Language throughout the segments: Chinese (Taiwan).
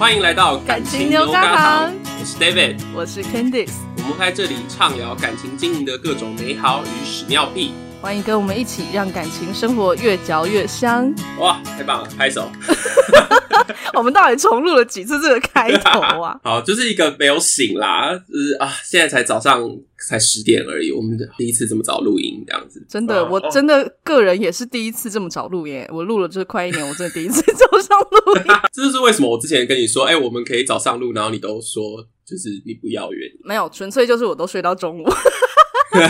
歡迎來到感情牛軋糖。我是 David，我是 Candice。我們會在這裡暢聊感情經營的各種美好與屎尿屁。歡迎跟我們一起讓感情生活越嚼越香！哇，太棒了，拍手！ 我們到底重錄了幾次這個開頭啊？ 好，就是一個沒有醒啦，就是啊，現在才早上才十點而已。我們第一次這麼早錄音，這樣子真的，哇我真的個人也是第一次這麼早錄耶。我錄了就是快一年，我真的第一次早上錄音。 這就是為什麼我之前跟你說，哎、欸，我們可以早上錄，然後你都說就是你不要遠。沒有，純粹就是我都睡到中午。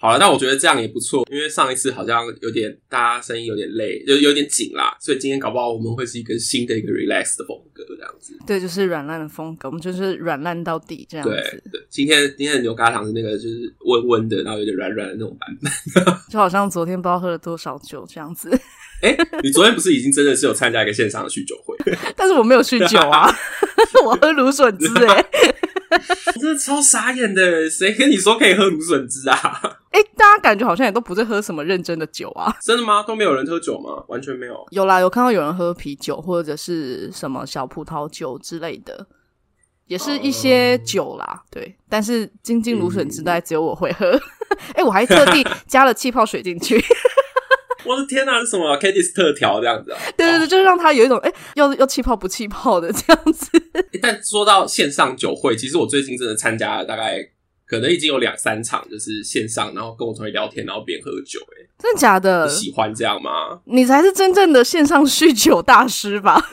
好了，但我覺得這樣也不錯，因為上一次好像有點大家聲音有點累，有有點緊啦，所以今天搞不好我們會是一個新的一個 relax 的風格這樣子。對，就是軟爛的風格，我們就是軟爛到底這樣子。對，對，今天今天的牛軋糖是那個就是溫溫的，然後有點軟軟的那種版本， 就好像昨天不知道喝了多少酒這樣子。哎、 欸，你昨天不是已經真的是有參加一個線上的酗酒會？ 但是我沒有酗酒啊， 我喝蘆筍汁哎、欸， 我真的超傻眼的，誰跟你說可以喝蘆筍汁啊？哎、欸，大家感覺好像也都不是喝什麼認真的酒啊？真的嗎？都沒有人喝酒嗎？完全沒有。有啦，有看到有人喝啤酒或者是什麼小葡萄酒之類的，也是一些酒啦。Uh、對，但是晶晶蘆筍之帶、嗯、只有我會喝。哎、 欸，我還特地加了氣泡水進去。 我的天哪、啊，是什麼 Kitty 特調這樣子、啊？對對對，oh. 就是讓它有一種哎、欸，要要氣泡不氣泡的這樣子 欸。但說到線上酒會，其實我最近真的參加了，大概。可能已經有兩三場，就是線上，然後跟我同學聊天，然後邊喝酒。哎，真的假的、啊？你喜歡這樣嗎？你才是真正的線上酗酒大師吧？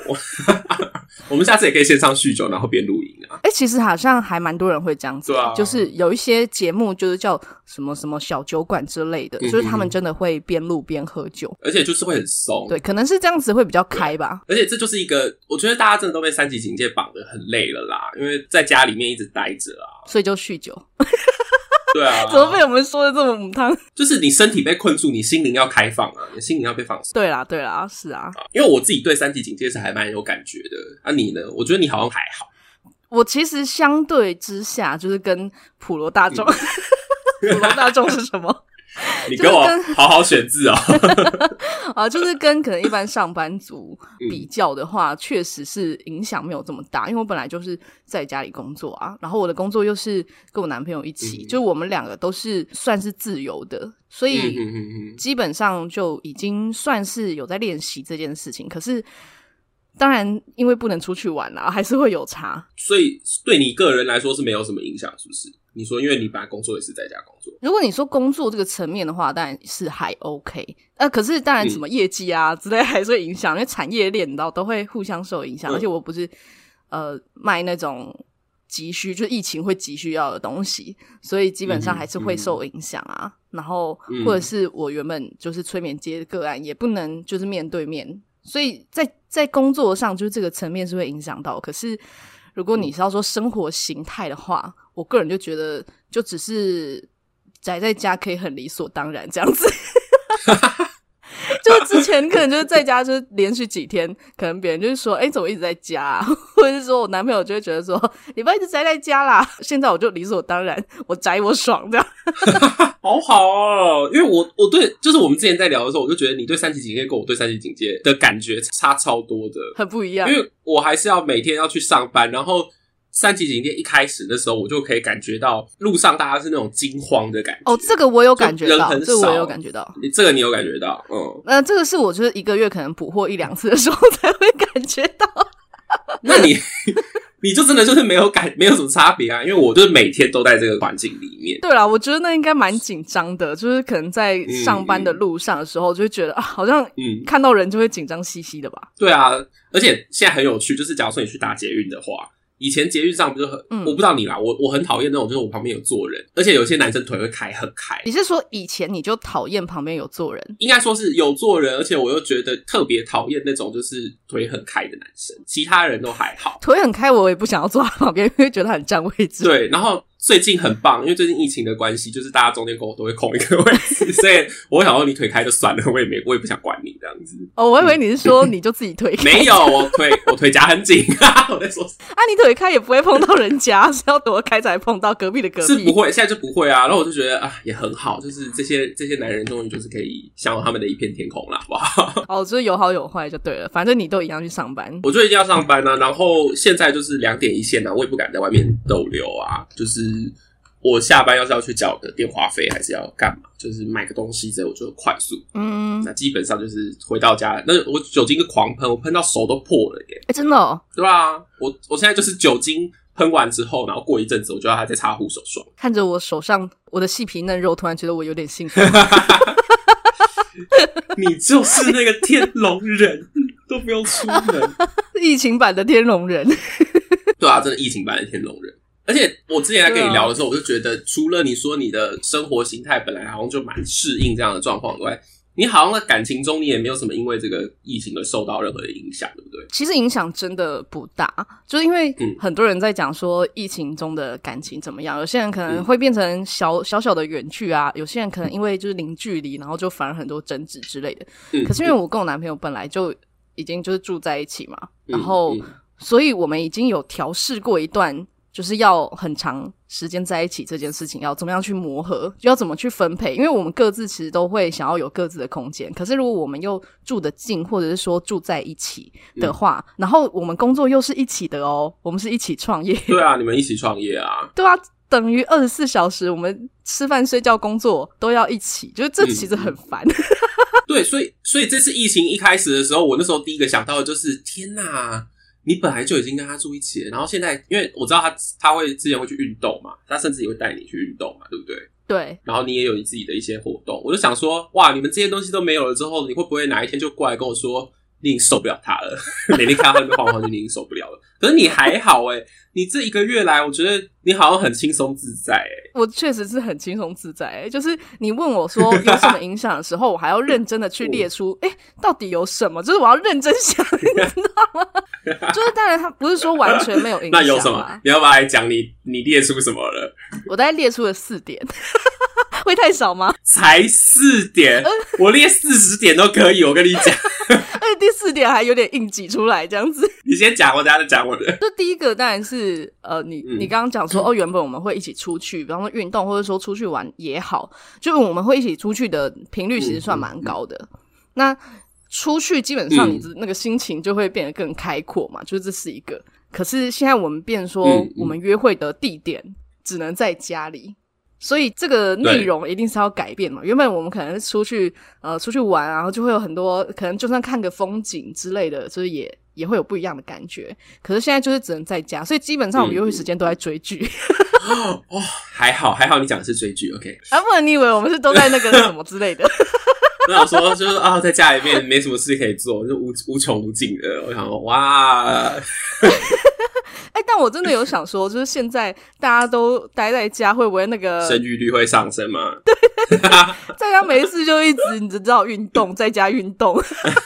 我們下次也可以線上酗酒，然後邊錄音啊。哎、欸，其實好像還蠻多人會這樣子。對啊。就是有一些節目，就是叫什麼什麼小酒館之類的，嗯嗯嗯，就是他們真的會邊錄邊喝酒，而且就是會很鬆。對，可能是這樣子會比較開吧。而且這就是一個，我覺得大家真的都被三級警戒綁得很累了啦，因為在家裡面一直待着啊。所以就酗酒，對啊，怎麼被我們說的這麼母湯？就是你身體被困住，你心靈要開放啊，你心靈要被放鬆。對啦，對啦，是啊，因為我自己對三級警戒是還蠻有感覺的。啊你呢？我覺得你好像還好。我其實相對之下，就是跟普羅大眾，嗯、普羅大眾是什麼？ 你給我好好選字啊！啊，就是跟可能一般上班族比較的話，確實是影響沒有這麼大。因為我本來就是在家裡工作啊，然後我的工作又是跟我男朋友一起，嗯、就我們兩個都是算是自由的，所以基本上就已經算是有在練習這件事情。可是，當然因為不能出去玩啦、啊，還是會有差。所以對你個人來說是沒有什麼影響，是不是？你說，因為你本來工作也是在家工作。如果你說工作這個層面的話，當然是還 OK。呃，可是當然什麼業績啊之類還是會影響，嗯、因為產業鏈你知道都會互相受影響。嗯、而且我不是呃賣那種急需，就是、疫情會急需要的東西，所以基本上還是會受影響啊。嗯嗯、然後或者是我原本就是催眠接個案，嗯、也不能就是面對面，所以在在工作上就是這個層面是會影響到。可是如果你是要說生活形態的話，嗯我個人就覺得，就只是宅在家可以很理所當然這樣子 就之前可能就是在家，就是連續幾天，可能別人就是說，哎、欸，怎麼一直在家啊？或者是說我男朋友就會覺得說，你不要一直宅在家啦？現在我就理所當然，我宅我爽這樣，好好，啊，哦，因為我我對就是我們之前在聊的時候，我就覺得你對三級警戒跟我對三級警戒的感覺差超多的，很不一樣，因為我還是要每天要去上班，然後。三級警戒一開始的時候，我就可以感覺到路上大家是那種驚慌的感覺。哦，這個我有感覺到，人很少，這個我有感覺到。你這個你有感覺到，嗯。那、呃、這個是我就是一個月可能捕獲一兩次的時候才會感覺到。 那你你就真的就是沒有感，沒有什麼差別啊？因為我就是每天都在這個環境裡面。對啦，我覺得那應該蠻緊張的，就是可能在上班的路上的時候，就會覺得、嗯、啊，好像嗯，看到人就會緊張兮兮的吧、嗯。對啊，而且現在很有趣，就是假如說你去搭捷運的話。以前捷運上不是很，嗯、我不知道你啦，我我很討厭那種就是我旁邊有坐人，而且有些男生腿會開很開。你是說以前你就討厭旁邊有坐人？應該說是有坐人，而且我又覺得特別討厭那種就是腿很開的男生，其他人都還好。腿很開我也不想要坐在旁邊，因為覺得他很佔位置。對，然後。最近很棒，因為最近疫情的關係，就是大家中間空都會空一個位置， 所以我會想說你腿開就算了，我也沒，我也不想管你這樣子。哦，我以為你是說你就自己腿開，嗯、沒有，我腿 我腿夾很緊。啊， 我在說，啊，你腿開也不會碰到人家， 是要躲開才碰到隔壁的隔壁，是不會，現在就不會啊。然後我就覺得啊，也很好，就是這些這些男人終於就是可以享有他們的一片天空了，好不好？哦，就是有好有壞就對了，反正你都一樣去上班，我最近要上班呢、啊，然後現在就是兩點一線了、啊，我也不敢在外面逗留啊，就是。我下班要是要去繳個電話費，還是要幹嘛？就是買個東西，這我就快速。嗯，嗯，那基本上就是回到家，那我酒精就狂噴，我噴到手都破了耶！哎、欸，真的、哦？對吧、啊？我我現在就是酒精噴完之後，然後過一陣子，我就要還在擦護手霜。看着我手上我的細皮嫩肉，突然覺得我有點幸福。福 你就是那個天龍人，都不用出門、啊，疫情版的天龍人。 對啊，真的疫情版的天龍人。而且我之前在跟你聊的時候，我就覺得，除了你說你的生活形態本來好像就蠻適應這樣的狀況外，你好像在感情中你也沒有什麼因為這個疫情而受到任何的影響，對不對？其實影響真的不大，就是因為很多人在講說疫情中的感情怎麼樣，嗯、有些人可能會變成小、嗯、小小的遠距啊，有些人可能因為就是零距離，然後就反而很多爭執之類的。嗯，可是因為我跟我男朋友本來就已經就是住在一起嘛，嗯、然後所以我們已經有調適過一段。就是要很長時間在一起這件事情，要怎麼樣去磨合，要怎麼去分配？因為我們各自其實都會想要有各自的空間，可是如果我們又住得近，或者是說住在一起的話，嗯、然後我們工作又是一起的哦，我們是一起創業。對啊，你們一起創業啊？對啊，等於二十四小時，我們吃飯、睡覺、工作都要一起，就是這其實很煩。嗯嗯、 對，所以所以這次疫情一開始的時候，我那時候第一個想到的就是，天哪、啊！你本來就已經跟他住一起了，然後現在因為我知道他他會之前會去運動嘛，他甚至也會帶你去運動嘛，對不對？對。然後你也有你自己的一些活動，我就想說，哇，你們這些東西都沒有了之後，你會不會哪一天就過來跟我說？你已經受不了他了， 每天看到一個晃晃，就你已經受不了了。可是你還好哎、欸，你這一個月來，我覺得你好像很輕鬆自在哎、欸。我確實是很輕鬆自在哎、欸，就是你問我說有什麼影響的時候，我還要認真的去列出哎、欸，到底有什麼？就是我要認真想，你知道嗎？就是當然，他不是說完全沒有影響。那有什麼？你要不要來講你你列出什麼了？我大概列出了四點，會太少嗎？才四點，我列四十點都可以，我跟你講。所以第四點還有點硬擠出來這樣子，你先講，我等一下再講我的。就第一個當然是，呃，你、嗯、你剛剛講說，嗯、哦，原本我們會一起出去，比方說運動，或者說出去玩也好，就我們會一起出去的頻率其實算蠻高的。嗯嗯、那出去基本上，你那個心情就會變得更開闊嘛，嗯、就這是一個。可是現在我們變說，我們約會的地點只能在家裡。所以這個內容一定是要改變嘛，對原本我們可能是出去，呃，出去玩，啊，然後就會有很多可能，就算看個風景之類的，就是也也會有不一樣的感覺。可是現在就是只能在家，所以基本上我們約會時間都在追劇、嗯 哦。哦，還好還好，你講的是追劇，OK？啊，不然你以為我們是都在那個什麼之類的。 我想說，就是啊、哦，在家裡面沒什麼事可以做，就無無窮無盡的。我想說，哇，哎 欸，但我真的有想說，就是現在大家都待在家，會不會那個生育率會上升嗎？在家沒事就一直你只知道運動，在家運動，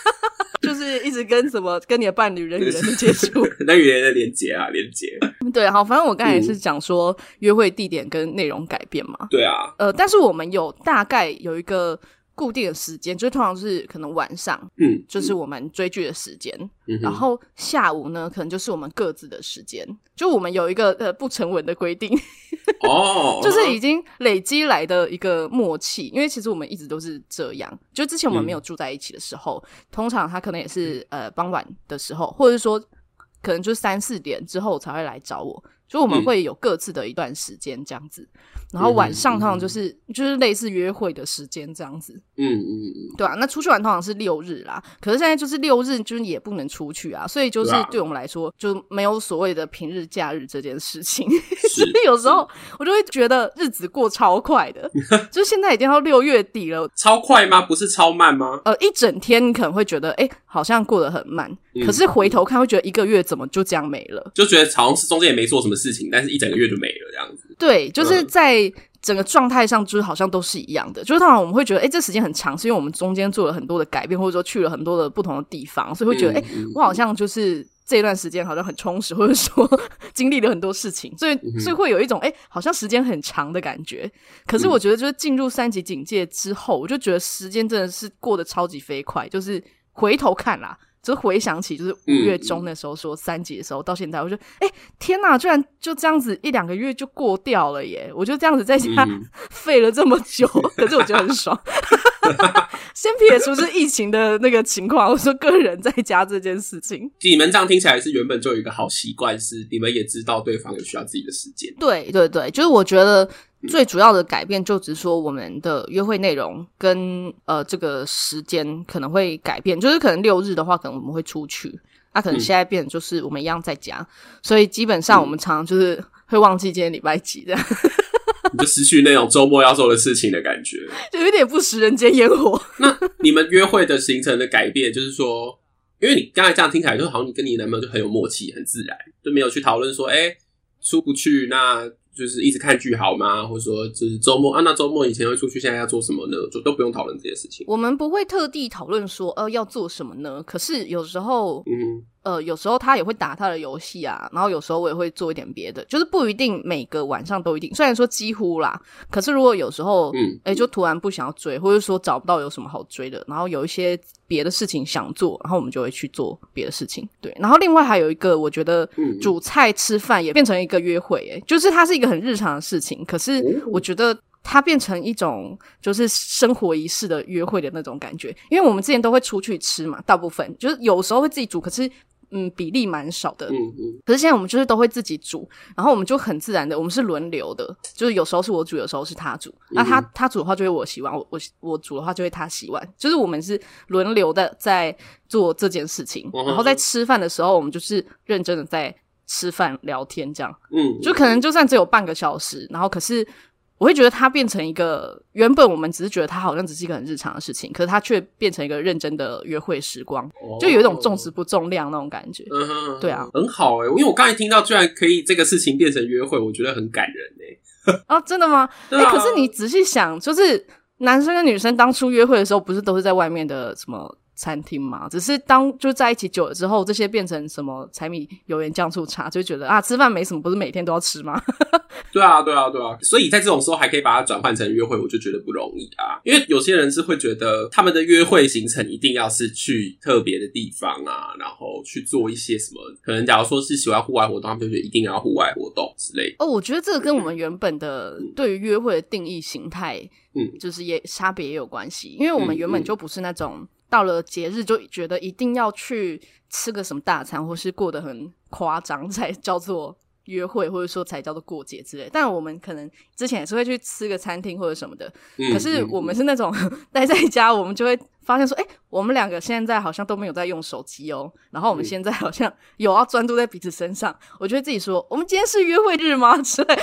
就是一直跟什麼跟你的伴侶人與人的接觸，人與人， 人的連接啊，連接。對，好，反正我剛才也是講說，約會地點跟內容改變嘛。對啊。呃，但是我們有大概有一個。固定的時間，就通常是可能晚上，嗯，就是我們追劇的時間。嗯、然後下午呢，可能就是我們各自的時間。就我們有一個呃不成文的規定，哦， 就是已經累積來的一個默契。因為其實我們一直都是這樣，就之前我們沒有住在一起的時候，嗯、通常他可能也是呃傍晚的時候，或者是說可能就是三四點之後才會來找我。所以我們會有各自的一段時間這樣子、嗯、這樣子，然後晚上通常就是、嗯嗯、就是類似約會的時間這樣子，嗯嗯嗯，嗯嗯對啊。那出去玩通常是六日啦，可是現在就是六日就是也不能出去啊，所以就是對我們來說、啊、就沒有所謂的平日假日這件事情。所以是 有時候我就會覺得日子過超快的，就是現在已經到六月底了， 超快嗎？不是超慢嗎？呃，一整天你可能會覺得哎、欸，好像過得很慢。可是回頭看，會覺得一個月怎麼就這樣沒了？就覺得好像是中間也沒做什麼事情，但是一整個月就沒了這樣子。對，就是在整個狀態上，就是好像都是一樣的。就是通常我們會覺得，哎、欸，這時間很長，是因為我們中間做了很多的改變，或者說去了很多的不同的地方，所以會覺得，哎、嗯欸，我好像就是這段時間好像很充實，或者說經歷了很多事情，所以所以會有一種哎、欸，好像時間很長的感覺。可是我覺得，就是進入三級警戒之後，我就覺得時間真的是過得超級飛快，就是回頭看啦。就回想起，就是五月中那時候說三級的時候，嗯、到現在我就誒、欸，天吶，居然就這樣子一兩個月就過掉了耶！我就這樣子在家廢、嗯、了這麼久，可是我覺得很爽。 先撇除是疫情的那個情況，我說個人在家這件事情，你們這樣聽起來是原本就有一個好習慣，是你們也知道對方有需要自己的時間。對對對，就是我覺得。最主要的改變就只是說，我們的約會內容跟呃這個時間可能會改變，就是可能六日的話，可能我們會出去，那、啊、可能現在變就是我們一樣在家，嗯、所以基本上我們常常就是會忘記今天禮拜幾的，你就失去那種周末要做的事情的感覺， 就有點不食人間煙火 那。那你們約會的行程的改變，就是說，因為你剛才這樣聽起來，就好像你跟你男朋友就很有默契，很自然，就沒有去討論說，哎、欸，出不去那。就是一直看劇好嗎？或者說，就是周末啊，那周末以前會出去，現在要做什麼呢？就都不用討論這些事情。我們不會特地討論說，呃，要做什麼呢？可是有時候，嗯。呃，有時候他也會打他的遊戲啊，然後有時候我也會做一點別的，就是不一定每個晚上都一定，雖然說幾乎啦，可是如果有時候，嗯，哎、欸，就突然不想要追，或者說找不到有什麼好追的，然後有一些別的事情想做，然後我們就會去做別的事情，對。然後另外還有一個，我覺得煮菜吃飯也變成一個約會、欸，誒，就是它是一個很日常的事情，可是我覺得。它變成一種就是生活儀式的約會的那種感覺，因為我們之前都會出去吃嘛，大部分就是有時候會自己煮，可是嗯比例蠻少的，嗯嗯。可是現在我們就是都會自己煮，然後我們就很自然的，我們是輪流的，就是有時候是我煮，有時候是他煮啊。那他他煮的話就會我洗碗，我我我煮的話就會他洗碗，就是我們是輪流的在做這件事情。然後在吃飯的時候，我們就是認真的在吃飯聊天這樣，嗯，就可能就算只有半個小時，然後可是。我會覺得他變成一個原本我們只是覺得他好像只是一個很日常的事情，可是他卻變成一個認真的約會時光，oh. 就有一種重質不重量那種感覺。Uh huh. 對啊，很好哎、欸，因為我剛才聽到居然可以這個事情變成約會，我覺得很感人哎、欸。 啊，真的嗎？哎、啊欸，可是你仔細想，就是男生跟女生當初約會的時候，不是都是在外面的什麼？餐廳嘛，只是當就在一起久了之後，這些變成什麼柴米油鹽醬醋茶，就覺得啊，吃飯沒什麼，不是每天都要吃嗎？ 對啊，對啊，對啊，所以在這種時候還可以把它轉換成約會，我就覺得不容易啊。因為有些人是會覺得他們的約會行程一定要是去特別的地方啊，然後去做一些什麼，可能假如說是喜歡戶外活動，他們就覺得一定要戶外活動之類的。哦，我覺得這個跟我們原本的、嗯、對於約會的定義形態，嗯，就是也差別也有關係，因為我們原本就不是那種。嗯嗯到了節日就覺得一定要去吃個什麼大餐，或是過得很誇張才叫做約會，或者說才叫做過節之類。但我們可能之前也是會去吃個餐廳或者什麼的，嗯、可是我們是那種、嗯、待在家，我們就會發現說，哎、嗯，我們兩個現在好像都沒有在用手機哦。嗯、然後我們現在好像有要專注在彼此身上，嗯、我就會自己說，我們今天是約會日嗎？之類，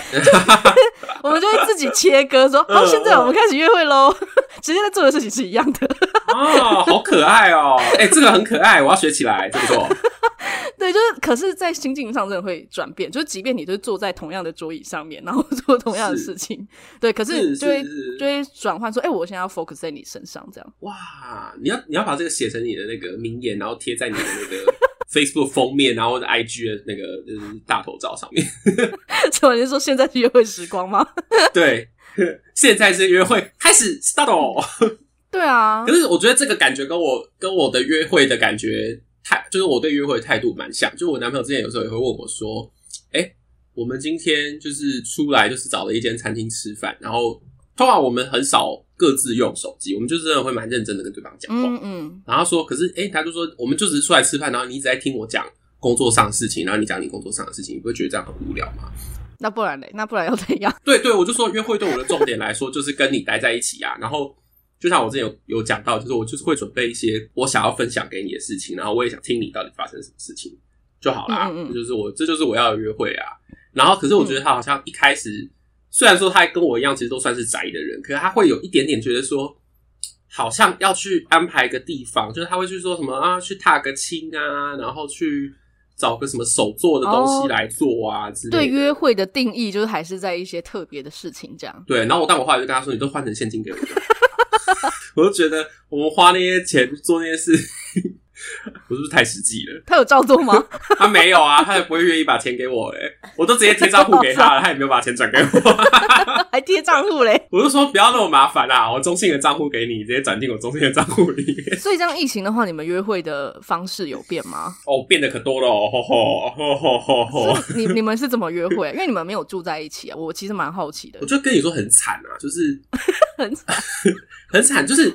我們就會自己切割說，好，現在我們開始約會嘍。其實、呃、 現在做的事情是一樣的。啊、哦，好可愛哦！哎、欸，這個很可愛， 我要學起來，這麼做。對，就是，可是，在心境上真的會轉變。就是，即便你都坐在同樣的桌椅上面，然後做同樣的事情，是對，可是就會是是是就會轉換說，哎、欸，我現在要 focus 在你身上，這樣。哇，你要你要把這個寫成你的那個名言，然後貼在你的那個 Facebook 封面， 然後 IG 的那個就是大頭照上面。 所以你是說，現在是約會時光嗎？ 對，現在是約會開始 start 對啊，可是我覺得這個感覺跟我跟我的約會的感覺太，就是我對約會的態度蠻像。就我男朋友之前有時候也會問我說：“哎、欸，我們今天就是出來，就是找了一間餐廳吃飯。然後通常我們很少各自用手機，我們就是真的會蠻認真的跟對方講話。嗯，嗯然後說，可是哎、欸，他就說，我們就是出來吃飯，然後你一直在聽我講工作上的事情，然後你講你工作上的事情，你不會覺得這樣很無聊嗎？那不然嘞？那不然又怎樣？對對，我就說約會對我的重點來說，就是跟你待在一起啊。然後。就像我之前有有講到，就是我就是會準備一些我想要分享給你的事情，然後我也想聽你到底發生什麼事情就好啦。嗯嗯就，就是我這就是我要的約會啊。然後可是我覺得他好像一開始，嗯、雖然說他還跟我一樣，其實都算是宅的人，可是他會有一點點覺得說，好像要去安排一個地方，就是他會去說什麼啊，去踏個青啊，然後去找個什麼手做的東西來做啊、哦、之類的。對約會的定義就是還是在一些特別的事情這樣。對，然後我但我後來就跟他說，你都換成現金給我。 我就覺得我們花那些錢做那些事， 我是不是太實際了？他有照做嗎？ 他沒有啊，他也不會願意把錢給我哎！我都直接貼賬戶給他了， 他也沒有把錢轉給我， 還貼賬戶嘞！我就說不要那麼麻煩啦、啊，我中信的賬戶給你，你直接轉進我中信的賬戶裡面。所以，這樣疫情的話，你們約會的方式有變嗎？哦，oh, 變得可多了！哦。你你們是怎麼約會？因為你們沒有住在一起啊，我其實蠻好奇的。我就跟你說很慘啊，就是。很 很慘，就是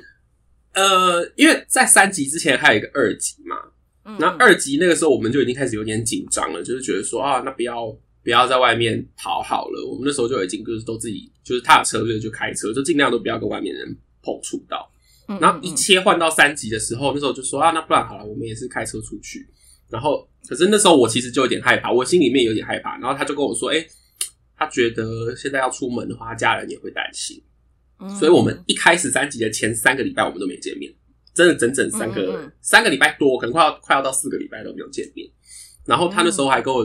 呃，因為在三級之前還有一個二級嘛，嗯嗯，然後二級那個時候我們就已經開始有點緊張了，就是覺得說啊，那不要不要在外面跑好了。我們那時候就已經就是都自己就是踏車就是就開車，就盡量都不要跟外面人碰觸到。嗯嗯嗯，然後一切換到三級的時候，那時候就說啊，那不然好了，我們也是開車出去。然後可是那時候我其實就有點害怕，我心裡面有點害怕。然後他就跟我說，哎、欸，他覺得現在要出門的話，他家人也會擔心。所以，我們一開始三級的前三個禮拜，我們都沒見面，真的整整三個三個禮拜多，可能快要快要到四個禮拜都沒有見面。然後他那時候還跟我，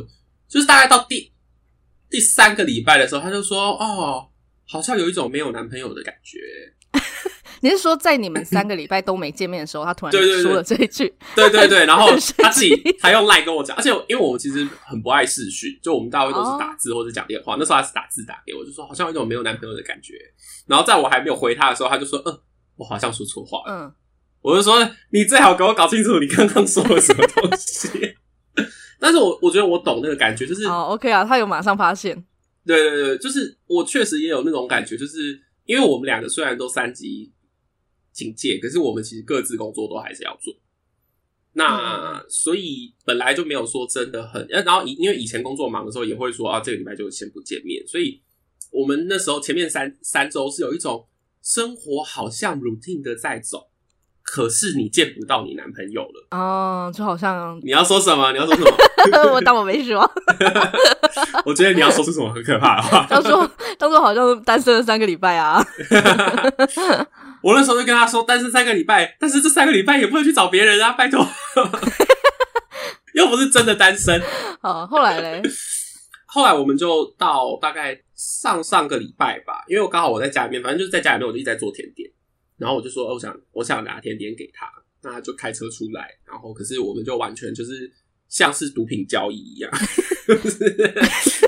就是大概到第第三個禮拜的時候，他就說：“哦，好像有一種沒有男朋友的感覺。” 你是說，在你們三個禮拜都沒見面的時候， 他突然說了這一句，對,對對對， 然後他自己還 用賴跟我講，而且因為我其實很不愛視訊，就我們大家會都是打字或者講電話。Oh. 那時候他是打字打給我，就說好像有一種沒有男朋友的感覺。然後在我還沒有回他的時候，他就說：“嗯，我好像說錯話了。”嗯，我就說你最好給我搞清楚你剛剛說了什麼東西。 但是我我覺得我懂那個感覺，就是哦、oh, OK 啊，他有馬上發現。對對對，就是我確實也有那種感覺，就是。因為我們兩個雖然都三級警戒，可是我們其實各自工作都還是要做。那所以本來就沒有說真的很。啊、然後以因為以前工作忙的時候也會說啊，這個禮拜就先不見面。所以我們那時候前面三三週是有一種生活好像 routine 的在走。可是你見不到你男朋友了哦，oh, 就好像你要說什麼？你要說什麼？ 我當我沒說。 我覺得你要說出什麼很可怕的話， 當做，當做好像是單身了三個禮拜啊。 我那時候就跟他說單身三個禮拜，但是這三個禮拜也不能去找別人啊，拜托， 又不是真的單身。好，後來嘞，後來我們就到大概上上個禮拜吧，因為我剛好我在家裡面，反正就是在家裡面，我就一直在做甜點。然後我就說，我想我想拿甜點，點給他，那他就開車出來，然後可是我們就完全就是像是毒品交易一樣， 就是、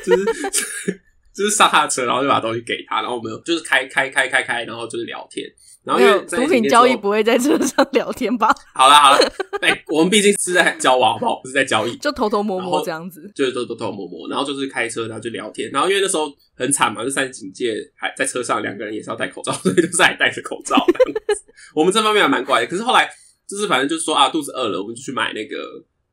就是、就是上他車，然後就把東西給他，然後我們就是開開開開開，然後就是聊天。然後毒品交易不會在車上聊天吧？好 了好了，哎、欸，我們畢竟是在交往，好不好？不是在交易，就偷偷摸摸這樣子，就是都偷偷摸摸。然後就是開車，然後就聊天。然後因為那時候很慘嘛，就三級警戒還，還在車上，兩個人也是要戴口罩，所以就是還戴着口罩。 我們這方面還蠻怪的。可是後來就是反正就是說啊，肚子餓了，我們就去買那個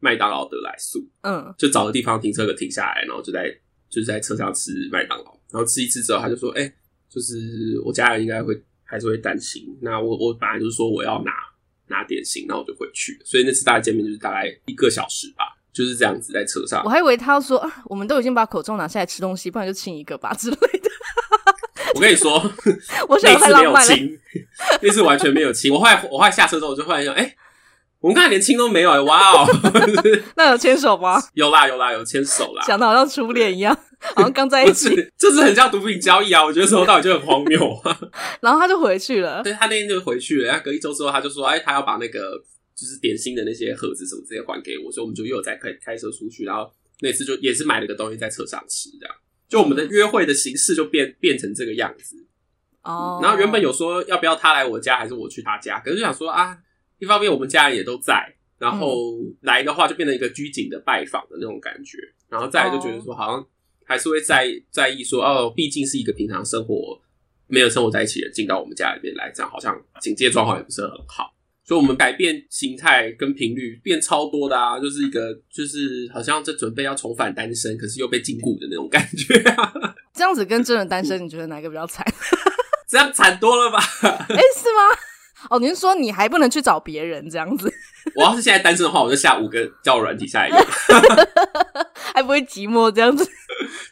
麥當勞得來速。嗯，就找個地方停車，個停下來，然後就在就是在車上吃麥當勞。然後吃一次之後，他就說：“哎、欸，就是我家人應該會。”還是會擔心。那我我本來就是說我要拿拿點心，那我就回去了。所以那次大家見面就是大概一個小時吧，就是這樣子在車上。我還以為他說我們都已經把口罩拿下來吃東西，不然就親一個吧之類的。我跟你說， 我想要太浪漫了，那次完全沒有親。我後來我後來下車之後，我就忽然想，哎、欸，我們剛才連親都沒有哎、欸，哇哦， 那有牽手嗎？有啦有啦有牽手啦，講得好像初戀一樣。好像剛在一起 不是，這、就是很像毒品交易啊！我覺得時候到底就很荒謬。 然後他就回去了，對，他那天就回去了。然後隔一周之後，他就說：“哎、欸，他要把那個就是點心的那些盒子什麼這些還給我。”所以我們就又再開開車出去，然後那次就也是買了個東西在車上吃，這樣就我們的約會的形式就變變成這個樣子。哦、oh. 嗯，然後原本有說要不要他來我家，還是我去他家？可是就想說啊，一方面我們家人也都在，然後來的話就變成一個拘謹的拜訪的那種感覺。然後再來就覺得說好像。還是會在在意說哦，畢竟是一個平常生活沒有生活在一起的人進到我們家裡面來，這樣好像警戒狀況也不是很好。所以，我們改變形態跟頻率變超多的啊，就是一個就是好像在準備要重返單身，可是又被禁錮的那種感覺、啊。這樣子跟真的單身，你覺得哪個比較慘？ 這樣慘多了吧？哎、欸，是嗎？哦，您說你還不能去找別人這樣子？我要是現在單身的話，我就下五個交友軟體下一個， 還不會寂寞這樣子。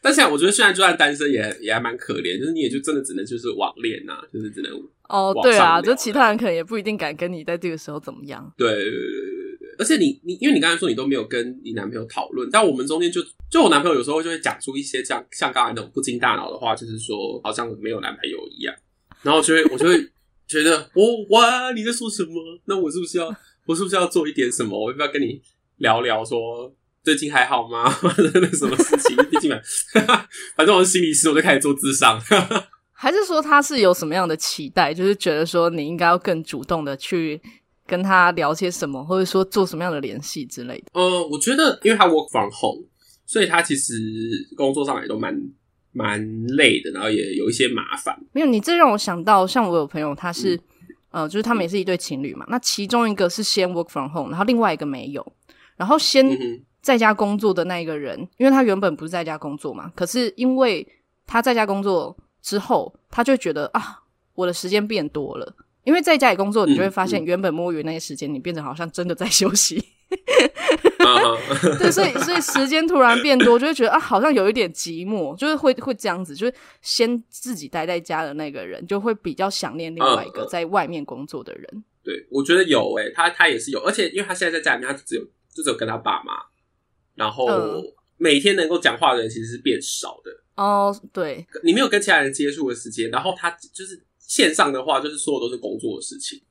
但是我覺得，雖然就算單身也，也也還蠻可憐。就是你也就真的只能就是網戀吶，就是只能哦，oh, 對啊，就其他人可能也不一定敢跟你在這個時候怎麼樣。對，對，對，對，對。而且你你，因為你剛才說你都沒有跟你男朋友討論，但我們中間就就我男朋友有時候就會講出一些像像剛才那種不經大腦的話，就是說好像沒有男朋友一樣。然後就會我就會覺得、 哦，哇，你在說什麼？那我是不是要我是不是要做一點什麼？我要不要跟你聊聊說？最近還好嗎？ 什麼事情？畢竟，反正我是心理師，我就開始做諮商。 還是說他是有什麼樣的期待？就是覺得說你應該要更主動的去跟他聊些什麼，或者說做什麼樣的聯繫之類的？呃，我覺得因為他 work from home，所以他其實工作上也都蠻蠻累的，然後也有一些麻煩。沒有，你這讓我想到，像我有朋友，他是、嗯、呃，就是他們也是一對情侶嘛。嗯、那其中一個是先 work from home，然後另外一個沒有，然後先。嗯在家工作的那一個人，因為他原本不是在家工作嘛，可是因為他在家工作之後，他就會覺得啊，我的時間變多了。因為在家裡工作，你就會發現原本摸魚那些時間，你變成好像真的在休息。 uh huh. 對，所以所以時間突然變多，就會覺得啊，好像有一點寂寞，就是會會這樣子，就是先自己待在家的那個人，就會比較想念另外一個在外面工作的人。Uh huh. 對，我覺得有誒、欸，他他也是有，而且因為他現在在家裡面，他只有只有跟他爸媽。然後每天能夠講話的人其實是變少的哦。對，你沒有跟其他人接觸的時間。然後他就是線上的話，就是所有都是工作的事情，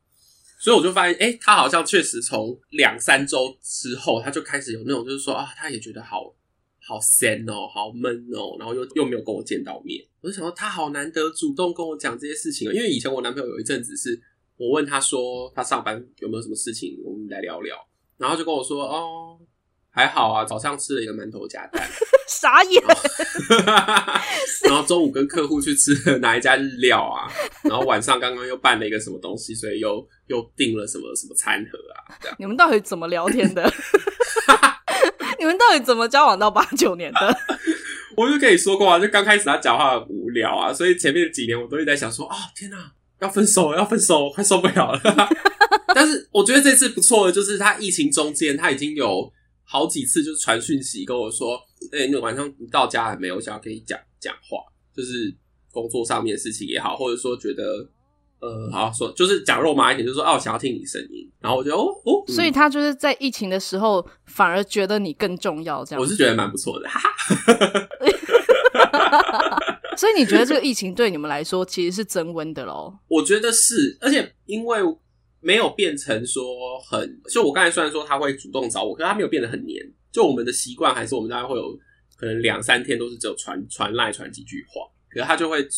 所以我就發現，哎、欸，他好像確實從兩三周之後，他就開始有那種就是說啊，他也覺得好好閒哦，好悶哦，然後又又沒有跟我見到面。我就想說他好難得主動跟我講這些事情啊、哦，因為以前我男朋友有一陣子是我問他說他上班有沒有什麼事情，我們來聊聊，然後就跟我說哦。還好啊，早上吃了一個饅頭加蛋，傻眼。然後中午跟客戶去吃了哪一家日料啊？然後晚上剛剛又辦了一個什麼東西，所以又又訂了什麼什麼餐盒啊？這樣，你們到底怎麼聊天的？ 你們到底怎麼交往到八九年的？ 我就跟你說過啊，就剛開始他講話很無聊啊，所以前面幾年我都一直在想說啊、哦，天哪，要分手要分手，快受不了了、啊。 但是我覺得這次不錯的就是他疫情中間他已經有。好幾次就是傳訊息跟我說，哎、欸，你晚上你到家還沒有，我想要跟你講講話，就是工作上面的事情也好，或者說覺得呃，好說，就是講肉麻一點，就是、說哦，啊、我想要聽你聲音，然後我就哦，哦，所以他就是在疫情的時候、嗯、反而覺得你更重要，這樣子我是覺得蠻不錯的。所以你覺得這個疫情對你們來說其實是增溫的嘍？ 我覺得是，而且因為。沒有變成說很。就我剛才雖然說他會主動找我，可是他沒有變得很黏，就我們的習慣還是我們大概會有可能兩三天都是只有傳傳賴傳幾句話，可是他就會，可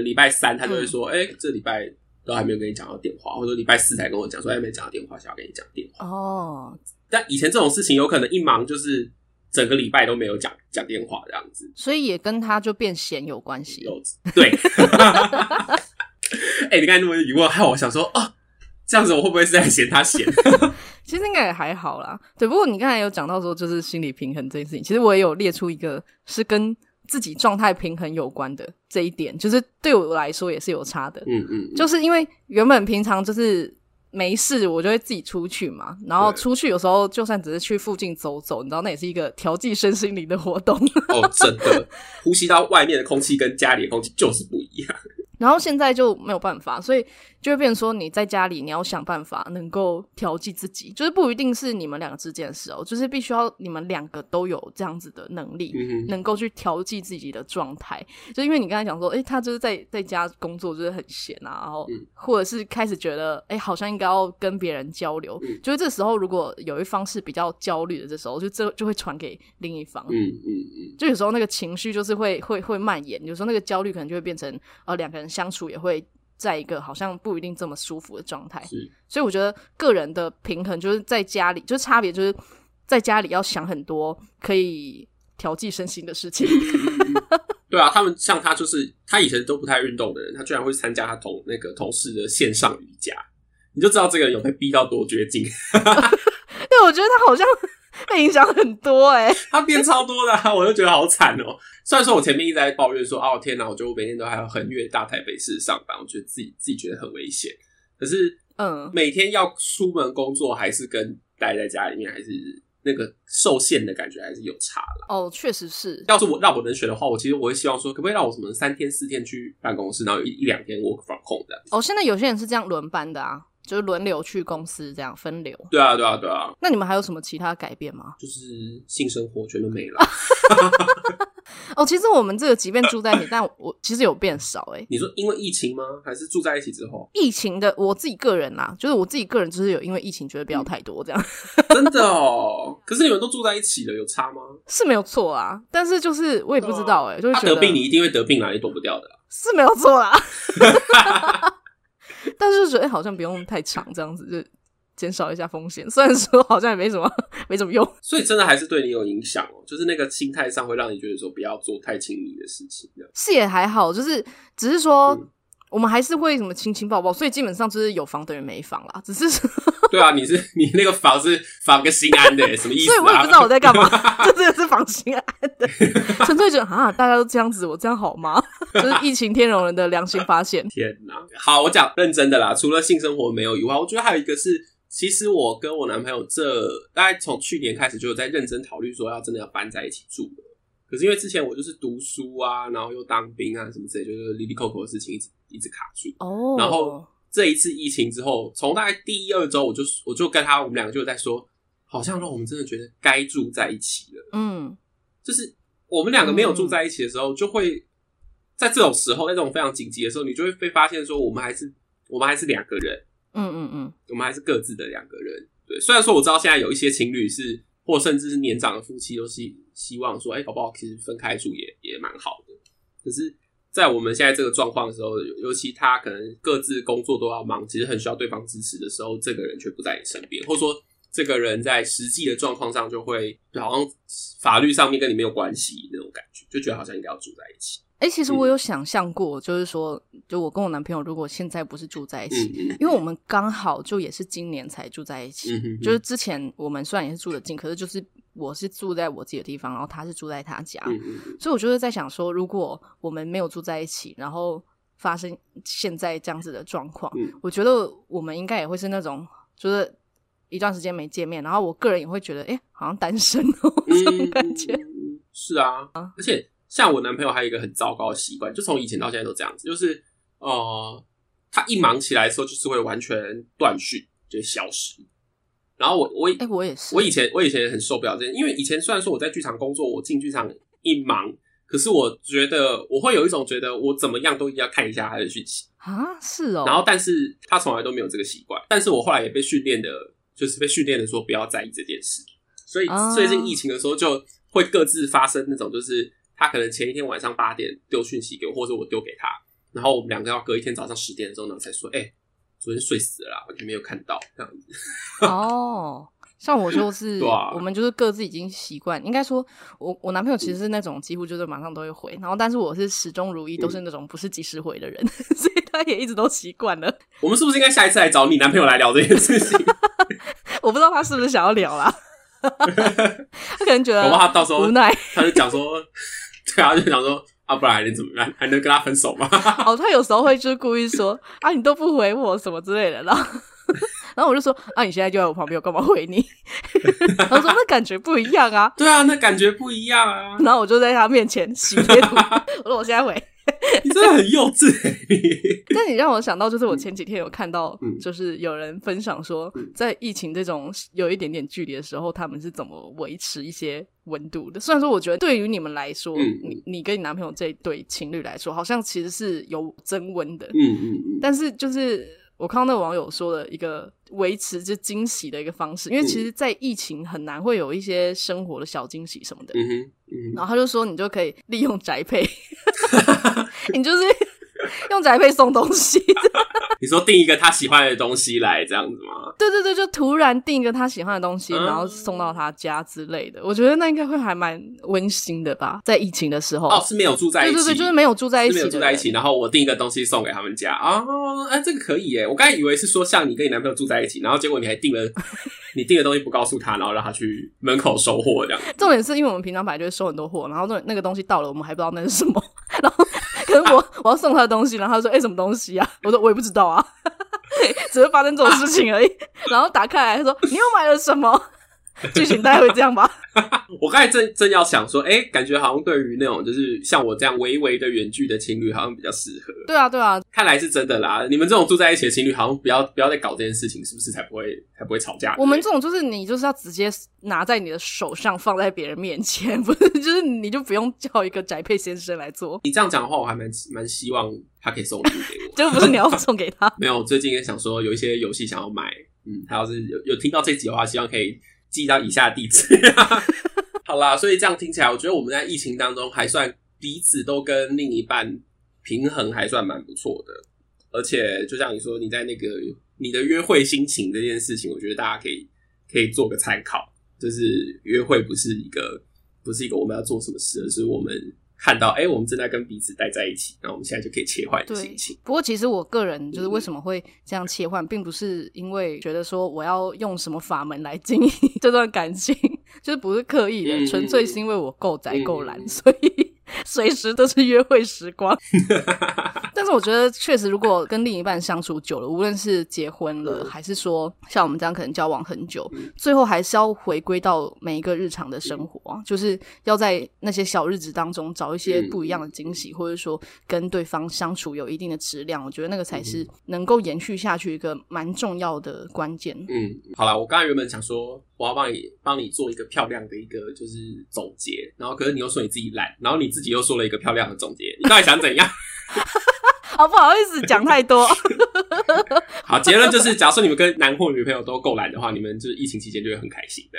能禮拜三他就會說，哎、嗯欸，這禮拜都還沒有跟你講到電話，或者禮拜四才跟我講說，說還沒講到電話，想要跟你講電話。哦，但以前這種事情有可能一忙就是整個禮拜都沒有講講電話這樣子，所以也跟他就變閒有關係。嗯、子對，哎、 欸，你剛才那麼疑問，害我想說、哦這樣子我會不會是在嫌他閒？ 其實應該也還好啦。對，不過你剛才有講到說，就是心理平衡這件事情，其實我也有列出一個是跟自己狀態平衡有關的這一點，就是對我來說也是有差的。嗯嗯，就是因為原本平常就是沒事，我就會自己出去嘛，然後出去有時候就算只是去附近走走，你知道那也是一個調劑身心靈的活動。哦，真的，呼吸到外面的空氣跟家裡的空氣就是不一樣。然後現在就沒有辦法，所以。就會變成說，你在家裡，你要想辦法能夠調劑自己，就是不一定是你們兩個之間的事哦，就是必須要你們兩個都有這樣子的能力，能夠去調劑自己的狀態。就因為你剛才講說，誒、欸、他就是在在家工作，就是很閒啊，然後或者是開始覺得，誒、欸、好像應該要跟別人交流。就是這時候，如果有一方是比較焦慮的，這時候就這就會傳給另一方。嗯嗯嗯，就有時候那個情緒就是會會會蔓延，有時候那個焦慮可能就會變成，呃，兩個人相處也會。在一個好像不一定這麼舒服的狀態，是所以我覺得個人的平衡就是在家裡，就差別就是在家裡要想很多可以調劑身心的事情。 對啊，他們像他，就是他以前都不太運動的人，他居然會參加他同那個同事的線上瑜伽，你就知道這個人有被逼到多絕境。 對，我覺得他好像。影響很多哎、欸，它變超多的、啊，我就覺得好慘哦、喔。雖然說我前面一直在抱怨說，哦天哪，我覺得我每天都還要橫越大台北市上班，我覺得自己自己覺得很危險。可是，嗯，每天要出門工作，還是跟待在家裡面，還是那個受限的感覺，還是有差啦。哦，確實是。要是我讓我能選的話，我其實我也希望說，可不可以讓我什麼三天四天去辦公室，然後有一一兩天 work from home 這樣子。哦，現在有些人是這樣輪班的啊。就是輪流去公司，這樣分流。對啊，對，啊對啊，對啊，對啊。那你們還有什麼其他改變嗎？就是性生活全都沒了。 哦，其實我們這個即便住在一起， 但我其實有變少哎、欸。你說因為疫情嗎？還是住在一起之後？疫情的，我自己個人吶，就是我自己個人，就是有因為疫情覺得不要太多這樣。 真的哦？可是你們都住在一起了，有差嗎？是沒有錯啊，但是就是我也不知道哎、欸，是嗎就是得、啊、得病你一定會得病啊，你躲不掉的、啊。是沒有錯啊。 但是就覺得、欸、好像不用太長，這樣子就減少一下風險。雖然說好像也沒什麼，沒什麼用。所以真的還是對你有影響哦、喔，就是那個心態上會讓你覺得說不要做太親密的事情。是也還好，就是只是說。嗯我們還是會什麼親親抱抱，所以基本上就是有房等於沒房啦。只是，對啊，你是你那個房是房個心安的， 什麼意思啊？所以我也不知道我在幹嘛， 這真的是房心安的。純粹覺得啊，大家都這樣子，我這樣好嗎？就是疫情天龍人的良心發現。 天啊。好，我講認真的啦，除了性生活沒有以外，我覺得還有一個是，其實我跟我男朋友這大概從去年開始就有在認真考慮說要真的要搬在一起住了。可是因為之前我就是讀書啊，然後又當兵啊，什麼之類，就是哩哩叩叩的事情一直一直卡住。哦。Oh. 然後這一次疫情之後，從大概第一二周，我就我就跟他，我們兩個就在說，好像說我們真的覺得該住在一起了。嗯。Mm. 就是我們兩個沒有住在一起的時候，就會在這種時候，在這種非常緊急的時候，你就會被發現說，我們還是我們還是兩個人。嗯嗯嗯。我們還是各自的兩個人。對。雖然說我知道現在有一些情侶是。或甚至是年長的夫妻都希希望說，哎、欸，寶寶其實分開住也也蠻好的。可是，在我們現在這個狀況的時候，尤其他可能各自工作都要忙，其實很需要對方支持的時候，這個人卻不在你身邊，或者說，這個人在實際的狀況上就會好像法律上面跟你沒有關係那種感覺，就覺得好像應該要住在一起。哎、欸，其實我有想象過，就是說，就我跟我男朋友，如果現在不是住在一起， 因為我們剛好就也是今年才住在一起， 就是之前我們雖然也是住得近，可是就是我是住在我自己的地方，然後他是住在他家， 所以我就是在想說，如果我們沒有住在一起，然後發生現在這樣子的狀況， 我覺得我們應該也會是那種，就是一段時間沒見面，然後我個人也會覺得，哎、欸，好像單身哦、喔， 這種感覺，嗯、是啊，啊，而且。像我男朋友還有一個很糟糕的習慣，就從以前到現在都這樣子，就是呃，他一忙起來的時候就是會完全斷訊，就是、消失。然後我我哎、欸、我也是，我以前我以前也很受不了這件事，因為以前雖然說我在劇場工作，我進劇場一忙，可是我覺得我會有一種覺得我怎麼樣都一定要看一下他的訊息啊，是哦、喔。然後但是他從來都沒有這個習慣，但是我後來也被訓練的，就是被訓練的說不要在意這件事。所以最近疫情的時候就會各自發生那種就是。他、啊、可能前一天晚上八點丟訊息給我，或者我丟給他，然後我們兩個要隔一天早上十點鐘呢才說：“哎、欸，昨天睡死了啦，完全沒有看到。”這樣子。哦， 像我就是，對啊、我們就是各自已經習慣。應該說，我我男朋友其實是那種、嗯、幾乎就是馬上都會回，然後但是我是始終如一，都是那種不是及時回的人，嗯、 所以他也一直都習慣了。我們是不是應該下一次來找你男朋友來聊這件事情？ 我不知道他是不是想要聊啦。 他可能覺得，我怕他到時候無奈， 他就講說。對啊，就想說啊，不然你怎麼辦？還能跟他分手嗎？哦，他有時候會就是故意說 啊，你都不回我什麼之類的，然後然後我就說啊，你現在就在我旁邊，我幹嘛回你？ 然後說那感覺不一樣啊，對啊，那感覺不一樣啊。然後我就在他面前洗截圖， 我說我現在回。 你真的很幼稚，欸你， 但你讓我想到，就是我前幾天有看到，就是有人分享說，在疫情這種有一點點距離的時候，他們是怎麼維持一些溫度的。雖然說，我覺得對於你們來說，你你跟你男朋友這一對情侶來說，好像其實是有增溫的。但是，就是我看到那個網友說的一個。維持這驚喜的一個方式，因為其實，在疫情很難會有一些生活的小驚喜什麼的。嗯哼，然後他就說，你就可以利用宅配，你就是。用宅配送東西， 你說訂一個他喜歡的東西來這樣子嗎？對對對，就突然訂一個他喜歡的東西，然後送到他家之類的。嗯、我覺得那應該會還蠻溫馨的吧，在疫情的時候。哦，是沒有住在一起，對對對，就是沒有住在一起，沒有住在一起。然後我訂一個東西送給他們家啊，哎、啊，這個可以哎、欸。我剛才以為是說像你跟你男朋友住在一起，然後結果你還訂了，你訂的東西不告訴他，然後讓他去門口收貨這樣。重點是因為我們平常本來就會收很多貨，然後那那個東西到了，我們還不知道那是什麼，然後。等我我要送他的東西，然後他說：“哎、欸，什麼東西啊？”我說：“我也不知道啊， 只會發生這種事情而已。 ”然後打開來，他說：“你又買了什麼？”劇 情大概會這樣吧。 我剛才正正要想說，哎、欸，感覺好像對於那種就是像我這樣微微的遠距的情侶，好像比較適合。對啊，對啊，看來是真的啦。你們這種住在一起的情侶，好像不要不要再搞這件事情，是不是才不會才不會吵架？我們這種就是你就是要直接拿在你的手上，放在別人面前，不是？就是你就不用叫一個宅配先生來做。 你這樣講的話，我還蠻蠻希望他可以送禮物給我，就不是你要送給他。 沒有，最近也想說有一些遊戲想要買，嗯，他要是有有聽到這集的話，希望可以。寄到以下地址。 好啦，所以這樣聽起來，我覺得我們在疫情當中還算彼此都跟另一半平衡，還算蠻不錯的。而且，就像你說，你在那個你的約會心情這件事情，我覺得大家可以可以做個參考，就是約會不是一個不是一個我們要做什麼事，而是我們。看到哎、欸，我們正在跟彼此待在一起，那我們現在就可以切換心情。不過，其實我個人就是為什麼會這樣切換，嗯嗯並不是因為覺得說我要用什麼法門來經營這段感情，就是不是刻意的，純、嗯、粹是因為我夠宅夠懶，嗯、所以隨時都是約會時光。 但是我覺得確實，如果跟另一半相處久了，無論是結婚了，嗯、還是說像我們這樣可能交往很久，嗯、最後還是要回歸到每一個日常的生活、啊，嗯、就是要在那些小日子當中找一些不一樣的驚喜，嗯、或者說跟對方相處有一定的質量，嗯、我覺得那個才是能夠延續下去一個蠻重要的關鍵。嗯，好啦，我剛才原本想說，我要幫你幫你做一個漂亮的一個就是總結，然後可是你又說你自己懶，然後你自己又說了一個漂亮的總結，你到底想怎樣？ 好，不好意思講太多。 好，結論就是，假設你們跟男或女朋友都夠懶的話， 你們就是疫情期間就會很開心這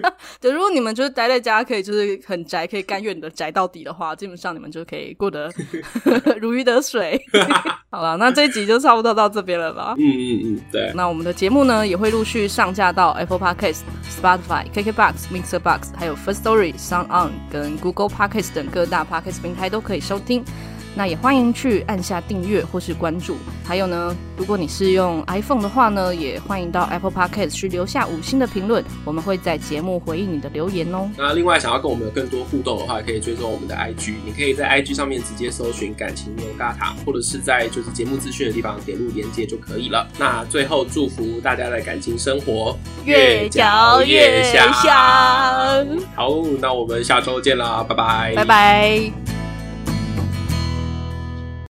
樣。對， 如果你們就是待在家，可以就是很宅，可以甘願的宅到底的話，基本上你們就可以過得 如魚得水。 好啦，那這一集就差不多到這邊了吧？ 嗯嗯嗯，對。那我們的節目呢，也會陸續上架到 Apple Podcast、Spotify、KKBox、Mixer Box，還有 First Story、Sound On 跟 Google Podcast 等各大 Podcast 平台都可以收聽。那也歡迎去按下訂閱或是關注，還有呢，如果你是用 iPhone 的話呢，也歡迎到 Apple Podcast 去留下五星的評論，我們會在節目回應你的留言哦。那另外想要跟我們有更多互動的話，可以追蹤我們的 IG，你可以在 IG 上面直接搜尋“感情牛軋糖”，或者是在就是節目資訊的地方點入連結就可以了。那最後祝福大家的感情生活越嚼越香。好，那我們下週見啦，拜拜，拜拜。